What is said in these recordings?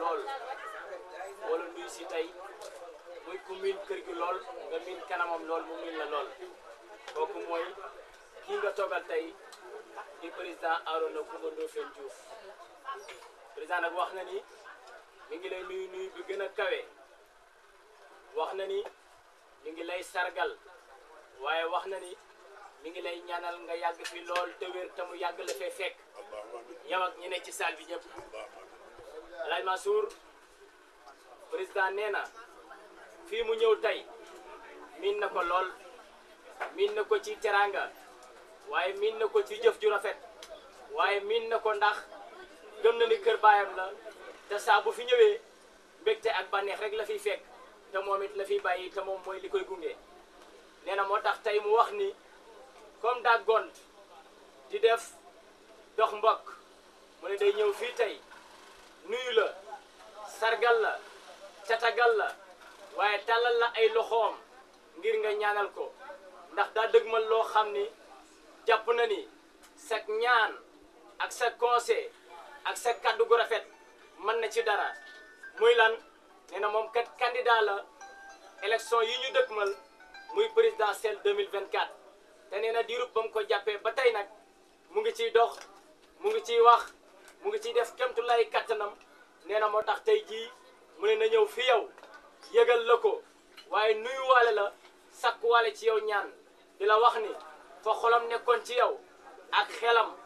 lool wala nuyu si tey muy ku miin kër gi lool nga miin kanamam lool mu miin la lool kooku mooy kii nga toogal tey di président Arona Coumba Ndoffène Diouf président nag wax na ni mi ngi lay nuyu nuyu bi gën a kawe wax na ni mu ngi lay sargal waaye wax na ni mu ngi lay ñaanal nga yàgg fi lool te wér te mu yàgg la fee fekk yow ak ñi ci salle bi ñëpp. Laye Mansour président nee na fii mu ñëw tey miin na ko lool miin na ko ci teraanga waaye miin na ko ci jëf ju rafet waaye miin na ko ndax gëm na ni kër baayam la te saa fi ñëwee mbégte ak bànneex rek la fiy fekk te moom it la fiy bàyyi te moom mooy li koy gunge nee na moo tax tey mu wax ni comme daa gont di def dox mbokk mu ne day ñëw fii tey nuyu la sargal la catagal la waaye tàllal la ay loxoom ngir nga ñaanal ko ndax daa dëgmal loo xam ni jàpp na ni sa ñaan ak sa conseil ak sa kaddu gu rafet mën na ci dara muy lan nee na moom kat candidat la élection yi ñu dëgmal muy présidentielle 2024 te nee na diirub ba mu ko jàppee ba tey nag mu ngi ciy dox mu ngi ciy wax mu ngi ciy def kemtu lay kattanam nee na moo tax tey jii mu ne na ñëw fi yow yëgal la ko waaye nuyuwaale la sakkuwaale ci yow ñaan di la wax ni foo xolam nekkoon ci yow ak xelam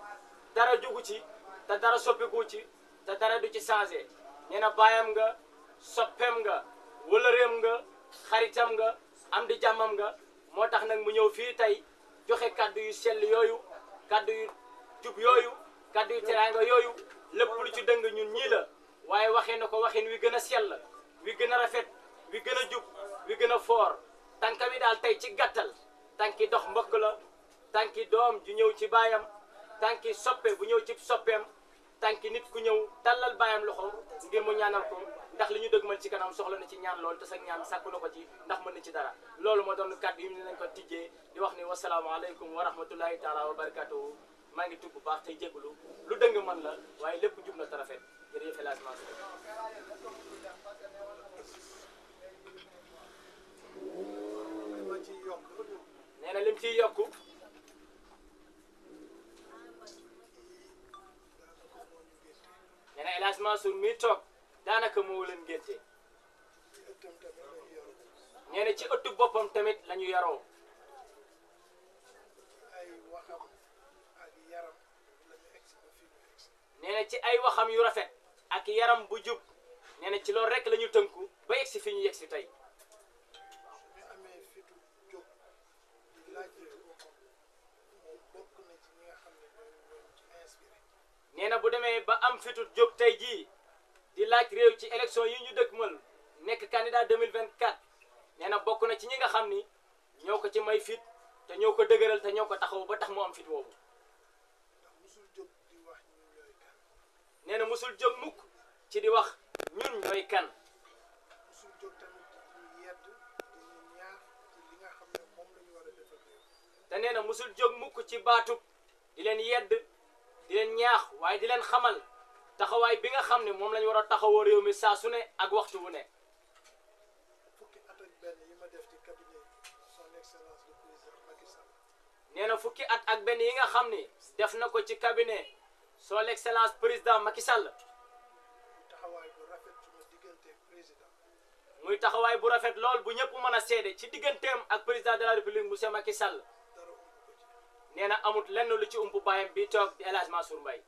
dara jugu ci te dara soppiku ci te dara du ci changé nee na baayam nga soppeem nga wëlëreem nga xaritam nga am di jàmmam nga moo tax nag mu ñëw fii tey joxe kàddu yu sell yooyu kàddu yu jub yooyu kàddu yu teraanga yooyu lépp lu ci dëng ñun ñii la waaye waxee na ko waxin wi gën a la wi gën a rafet wi gën a jub wi gën a foor tànka wi daal tey ci gàttal tànki dox mbokk la tànki doom ju ñëw ci baayam tànki soppe bu ñëw ci soppeem tànki nit ku ñëw tàllal baayam loxo ngir mu ñaanal ko ndax li ñu dëgmal ci kanam soxla na ci ñaan lool te sa ñaan sàkku na ko ci ndax mën na ci dara loolu moo doon kàddu yi ñu nañ ko tijjee di wax ni wasalaamaaleykum wa rahmatullahi taala wa barakatuhu maa ngi tub bu baax te jégalu lu dëng man la waaye lépp jub na tarafet jërëjëf El Hadj Mansour nee na lim ciy yokku nee na El mi toog daanaka moo leen gerte nee na ci ëttu boppam tamit la ñu nee ci ay waxam yu rafet ak yaram bu jub nee ci loolu rek la ñu si fi ñu si tey nee na bu demee ba am fitu jóg tey jii di laaj réew ci élection yi ñu dëkkmal nekk candidat 2024 nee na bokk na ci ñi nga xam ni ñoo ko ci may fit te ñoo ko dëgëral te ñoo ko taxaw ba tax mu am fit woowu nee na musul jóg mukk ci di wax ñun ñooy kan. musul jóg tamit di ci li te nee na jóg mukk ci baatub di leen yedd di leen ñaax waaye di leen xamal taxawaay bi nga xam ne moom la ñu war a taxawoo réew mi saa su ne ak waxtu wu ne. fukki at def ci na fukki at ak benn yi nga xam ni def na ko ci cabinet. soo l'excellence président Macky Sall. muy taxawaay bu rafet lool bu ñëpp mën a seede ci digganteem ak président de la république monsieur Macky Sall. nee na amut lenn ci ump baayam bi toog di El Hadj Mansour Mbaye.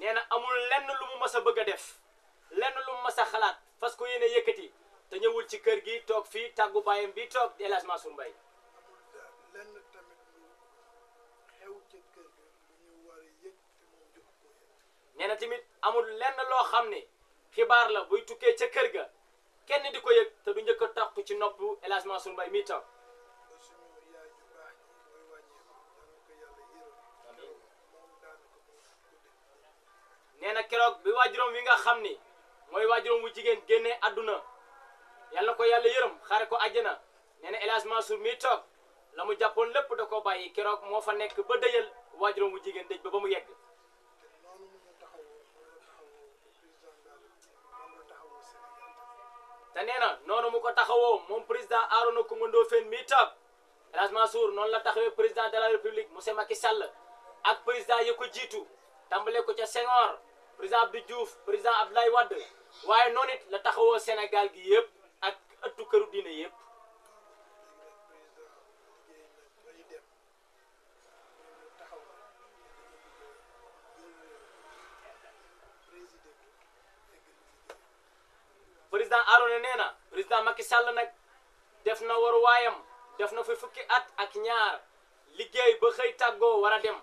nee na amul lenn lu mu mës a bëgg a def lenn lu mu mës a xalaat fas ko yéene yëkkati te ñëwul ci kër gi toog fii tàggu baayam bi toog di El Hadj lenn tamit na tamit amul lenn loo xam ne xibaar la buy tukkee ca kër ga kenn di ko yëg te du njëkk a topp ci noppu El Hadj Mansour Mbaye mii tam nee na keroog bi waajuróom wi nga xam ni mooy waajuróom wu jigéen génne àdduna yal na ko yàlla yërëm xare ko àjjana nee na El Hadj mii toog la mu jàppoon lépp da koo bàyyi keroog moo fa nekk ba dëyal waajuram mu jigéen dëj ba ba mu yegg te nee na noonu mu ko taxawoo moom président Arona Coumba Ndoffène mii taab El Hadj Mansour noonu la taxawee président de la république monsieur Macky Sall ak président yi ko jiitu tàmbale ko ca Senghor président Abdou Diouf président Abdoulaye Wade waaye noonu la taxawoo Sénégal gi yëpp ak ëttu këru diine yëpp. ne nee na président Macky Sall nag def na waruwaayam def na fi fukki at ak ñaar liggéey ba xëy tàggoo war a dem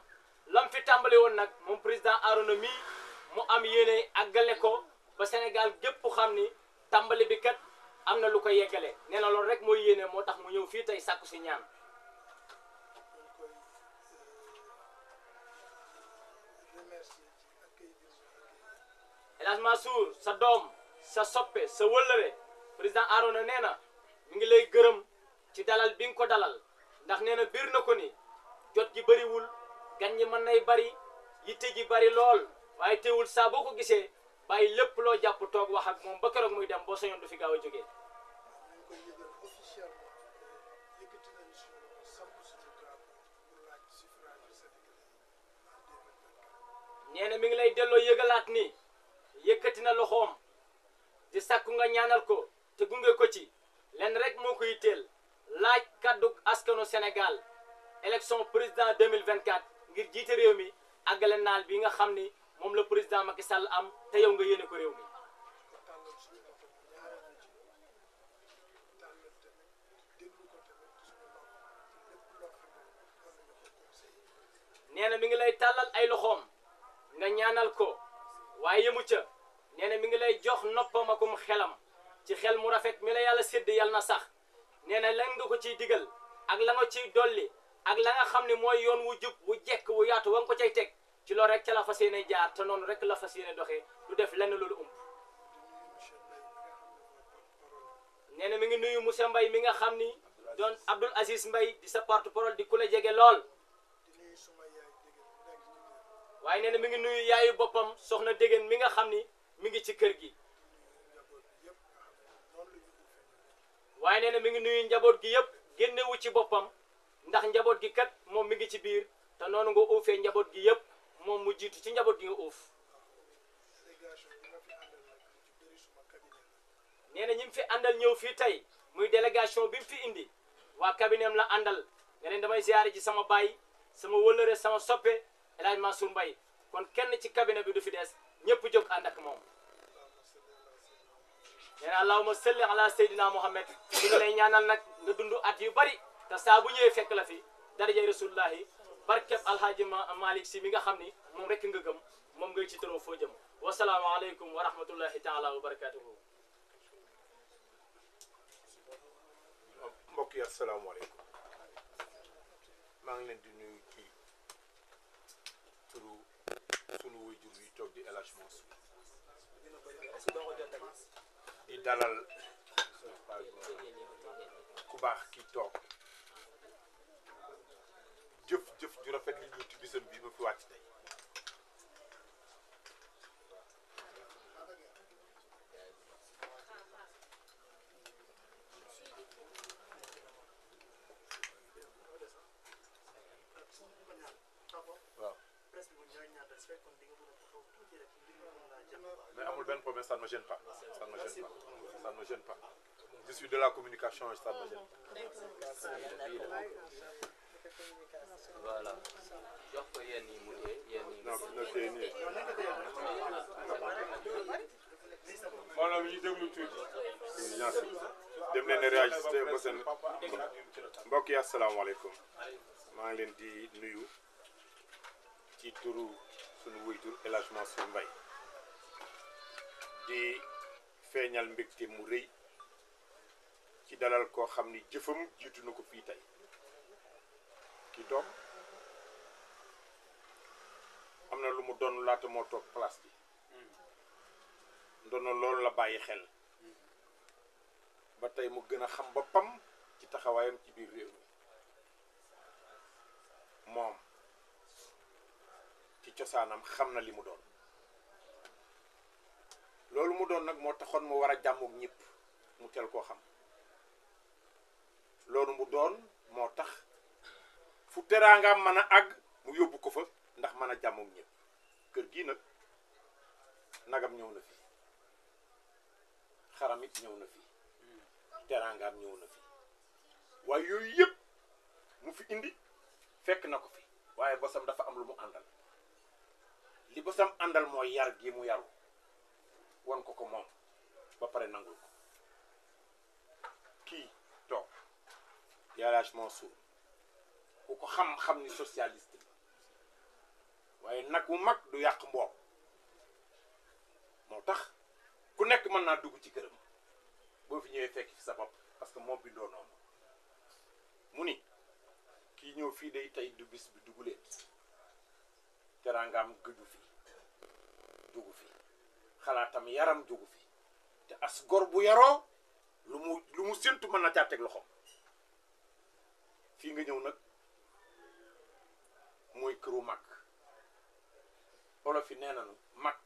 lam fi tàmbali woon nag moom président Arona mi mu am yéene àggale ko ba Sénégal gépp xam ni tàmbali bi kat am na lu ko yeggale nee loolu rek mooy yéene moo tax mu ñëw fii tey sàkku si ñaan El Hadj Mansour sa doom sa soppe sa wëllëre président Arona nee na mi ngi lay gërëm ci dalal bi nga ko dalal ndax nee na biir na ko ni jot gi bariwul gan ñi mën nay bari yitte ji bari lool waaye teewul saa boo ko gisee bàyyi lépp loo jàpp toog wax moom ba keroog muy dem boo sañoon du fi gaaw a jóge nee na mi ngi lay delloo yëgalaat ni yëkkati na loxoom. di sakku nga ñaanal ko te gunge ko ci lenn rek moo koy teel laaj kàddu askanu senegal élection président 2024 ngir jiite réew mi àggale naal bi nga xam ni moom la président Macky Sall am te yow nga yéene ko réew mi. nee na mi ngi lay tàllal ay loxoom nga ñaanal ko waaye yemu ca. nee mi ngi lay jox noppam akum xelam ci xel mu rafet mi yàlla sédd yàlla na sax nee na lan nga ko ciy digal ak la nga ciy ak la xam ne mooy yoon wu jub wu jekk wu yaatu wa ko cay teg ci loolu rek ca la fas yéene jaar te noonu rek la fas yéene doxee du def lenn loolu um nee na mi ngi nuyu Moussa mbay mi nga xam ni doon Abdoul Aziz Mbaye di sa porte parole di ku la jege lool waaye nee na mi ngi nuyu yaayu boppam soxna Dégéen mi nga xam ni mi ngi ci kër gi waaye nee na mi ngi nuyu njaboot gi yëpp génnewu ci boppam ndax njaboot gi kat moom mi ngi ci biir te noonu nga uufee njaboot gi yëpp moom mu jiitu ci njaboot gi nga uuf nee na ñi fi àndal ñëw fii tey muy délégation bi mu fi indi waa cabinet la àndal nga damay ziare ji sama baay sama wëllëre sama soppe El Hadj Mansour kon kenn ci cabinet bi du fi des ñépp jóg ànd ak moom nee na allahuma salli ala sayyidina muhammad ñu ñaanal nag nga dund at yu bari te saa bu ñëwee fekk la fi darajay rasulullahi barkeb alhaaji malik si mi nga xam ni moom rek nga gëm moom ngay ci tëroo foo jëm wa rahmatullahi taala wa barakatuhu mbokk yi asalaamaaleykum ngi leen di nuyu ci sunu waajur yi toog di El Hadj Mansour di dalal ku baax ki toog jëf jëf ju rafet li ñu ci bisam bii ba fi wàcc tey me gêne pas. Ça ne me gêne pas. Ça ne me gêne pas. Je suis de la communication et ça ne me gêne pas. voilà jox ko yenn yi mu dee yenn yi. non non tey nii. maanaam ñu déglu tuuti. merci dem leen réagir ba seen mbokk yi asalaamaaleykum maa ngi leen di nuyu ci turu sunu wuytur El Hadj Mansour Mbaye di feeñal mbégte mu rëy ci dalal koo xam ni jëfam jiitu na ko fii tey ki toog am na lu mu doon laata moo toog place bi ndono loolu la bàyyi xel ba tey mu gën a xam boppam ci taxawaayam ci biir réew mi moom ci cosaanam xam na li mu doon mu doon nag moo taxoon mu war a jàmmoog ñépp mu tel koo xam loolu mu doon moo tax fu teraangam man a àgg mu yóbbu ko fa ndax mën a jàmmoog ñëpp kër gii nag nagam ñëw na fi xaram it ñëw na fi teraangam ñëw na fi waaye yooyu yëpp mu fi indi fekk na ko fi waaye bosam dafa am lu mu àndal li bosam àndal mooy yar gi mu yaru wan ko ko moom ba pare nangul ko kii toog yàllaaj Mansour ku ko xam-xam ni socialiste waaye nag wu mag du yàq mboom moo tax ku nekk mën naa dugg ci këram boo fi ñëwee fekk fi sa bopp parce que moom bindoo noonu mu ni kii ñëw fii day tey du bis bi duguleet teraangaam gëju fi dugg fi xalaatam yaram jógu fi te as gor bu yaroo lu mu lu mu séntu mën na caa teg loxoom fii nga ñëw nag mooy këru mag olof yi nee nañu mag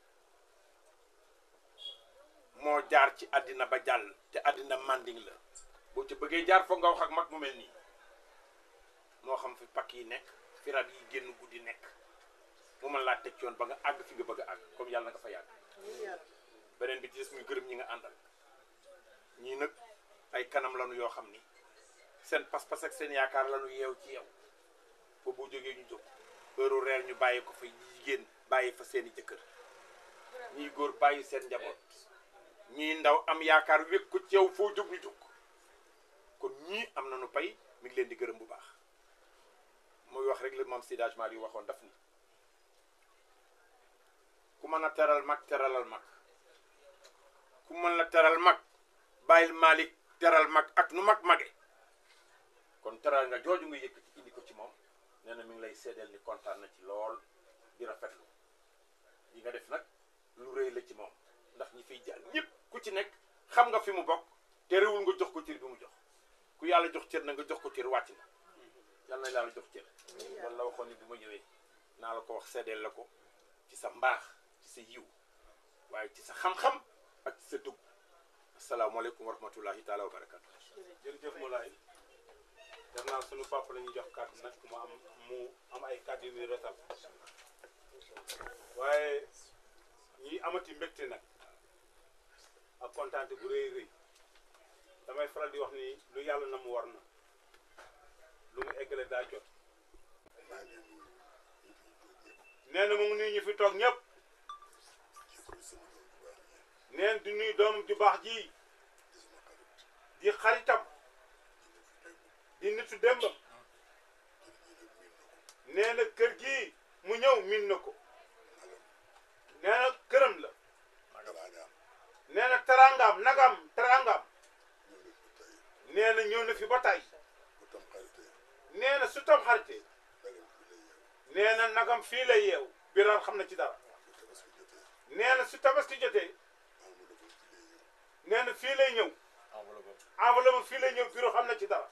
moo jaar ci àddina ba jàll te àddina manding la boo ci bëggee jaar foog nga wax ak mag mu mel nii moo xam fi pakk yi nekk fi rab yi génn guddi nekk mu mën laa teg yoon ba nga àgg fi nga bëgg a àgg comme yàlla nga fa yàgg beneen bi ci des gërëm ñi nga àndal ñii nag ay kanam lanu yoo xam ni seen pas-pas ak seen yaakaar lañu yeew ci yow foofu boo jógee ñu jóg heure reer ñu bàyyi ko fa jigéen bàyyi fa seeni jëkkër ñii góor bàyyi seen njaboot ñii ndaw am yaakaar wékk ko ci yow foo jóg ñu jóg kon ñii am na nu pay mi ngi leen di gërëm bu baax muy wax rek la moom Seydi Hadji Malick waxoon daf ni ku mën a teral mag teralal mag ku mën la teral mag bàyyil maalik teral mag ak nu mag mage kon teral nga jooju nga yëkkati indi ko ci moom nee na mi ngi lay seedeel ni kontaan na ci lool di rafetlu li nga def nag lu rëy la ci moom ndax ñi fiy jàll ñëpp ku ci nekk xam nga fi mu bokk te réewul nga jox ko cër bi mu jox ku yàlla jox cër na nga jox ko cër wàcc na yàlla jox cër loolu la waxoon ni bi ma ñëwee naa la ko wax seedeel la ko ci sa mbaax si sa yiw waaye ci sa xam-xam ak ci sa dugg asalaamaaleykum wa rahmatullahi taala wa barakatu jërëjëf Moulay def naa sunu papa la jox kàddu nag mu am mu am ay kàddu yu muy retal waaye ñuy amati mbégte nag ak kontaante bu rëy rëy damay faral di wax ni lu yàlla na mu war na lu mu eggale daa jot nee mu ngi ñu fi toog ñëpp neen di nuy doom ju baax ji di xaritam di nitu démbam nee na kër gi mu ñëw min na ko nee na këram la nee na nagam tarangaam nee na ñëw na fi ba tey nee na xarite nee na nagam fii la yeew biral xam na ci dara nee na su tabaski jotee nee na fii lay ñëw enveloppe fii lay ñëw bureau xam na ci dara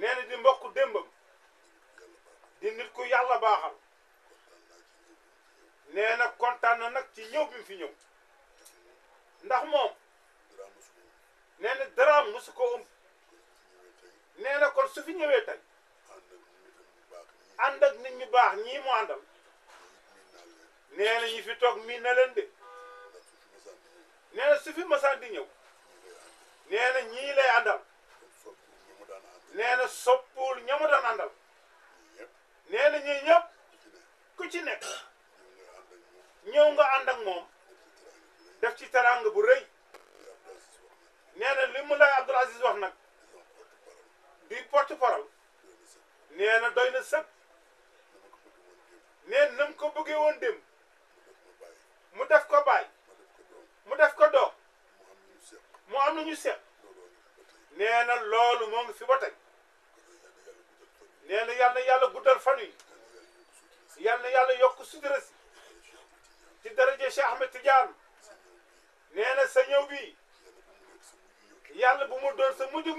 nee na di mbokk démbam di nit ku yàlla baaxal nee na kontaan nag ci ñëw bi fi ñëw ndax moom nee na daraam mosu ko ëmb na kon su fi ñëwee tey ànd ak nit ñu baax ñii mu àndal nee yi fi toog miin na leen de nee na masaan di ñëw nee na ñii lay àndal nee na soppul ña daan àndal nee na ñii ñëpp ku ci nekk ñëw nga ànd ak moom def ci teraanga bu rëy nee na li mu lay Abdoul Aziz wax nag di porte parole nee doy na sëkk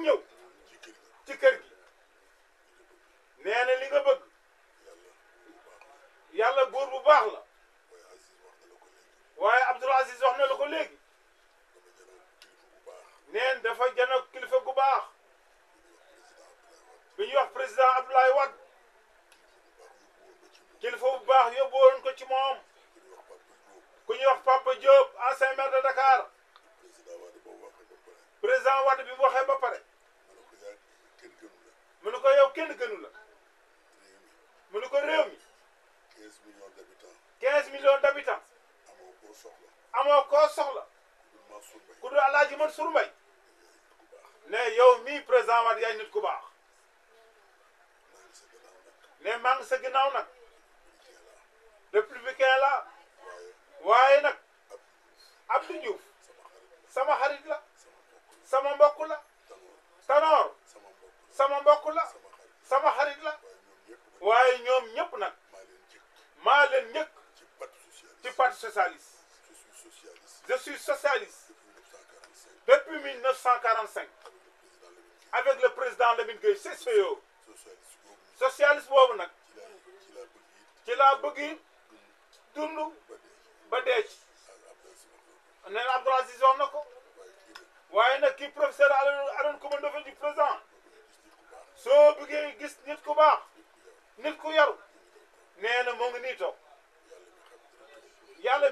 ñëw ci kër gi nee na li nga bëgg yàlla góor bu baax la waaye Abdoul Aziz wax na la ko léegi neen dafa jano kilifa gu baax bi ñuy wax président Abdoulaye Wade kilifa bu baax yóbbu woon ko ci moom ku ñuy wax Papa Diop ancien maire de Dakar président Wade bi mu waxee ba pare kenn ko yow kenn gënu la. réew ne ko réew mi. 15 millions d' habitants. 15 millions d' habitants. soxla. ku dul Alaaji Mansour Mbaye. ne yow mi président Wade yaay nit ku baax. ne maa ginnaaw nag. républicain la. waaye nag. Abdou Diouf. sama xarit la. sama mbokk la. Tanor. sama mbokk la sama xarit la waaye ñoom ñëpp nag maa leen njëkk ci parti socialiste je suis socialiste depuis 1945 avec le président Lamine Gueye Sessèye socialiste boobu nag ci laa bëgg dund ba dee ci nee na Abdoul Aziz wax waaye nag kii professeur Alioune Alioune Coumba Ndoffène président soo bëggee gis nit ku ba nit ku yaru nee na moo ngi nii toog yàlla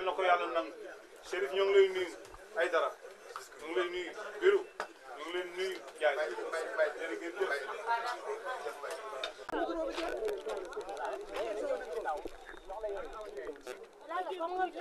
yal na ko yàlla nangu Chérif ñoo ngi lay nuyu ay dara ñu jaay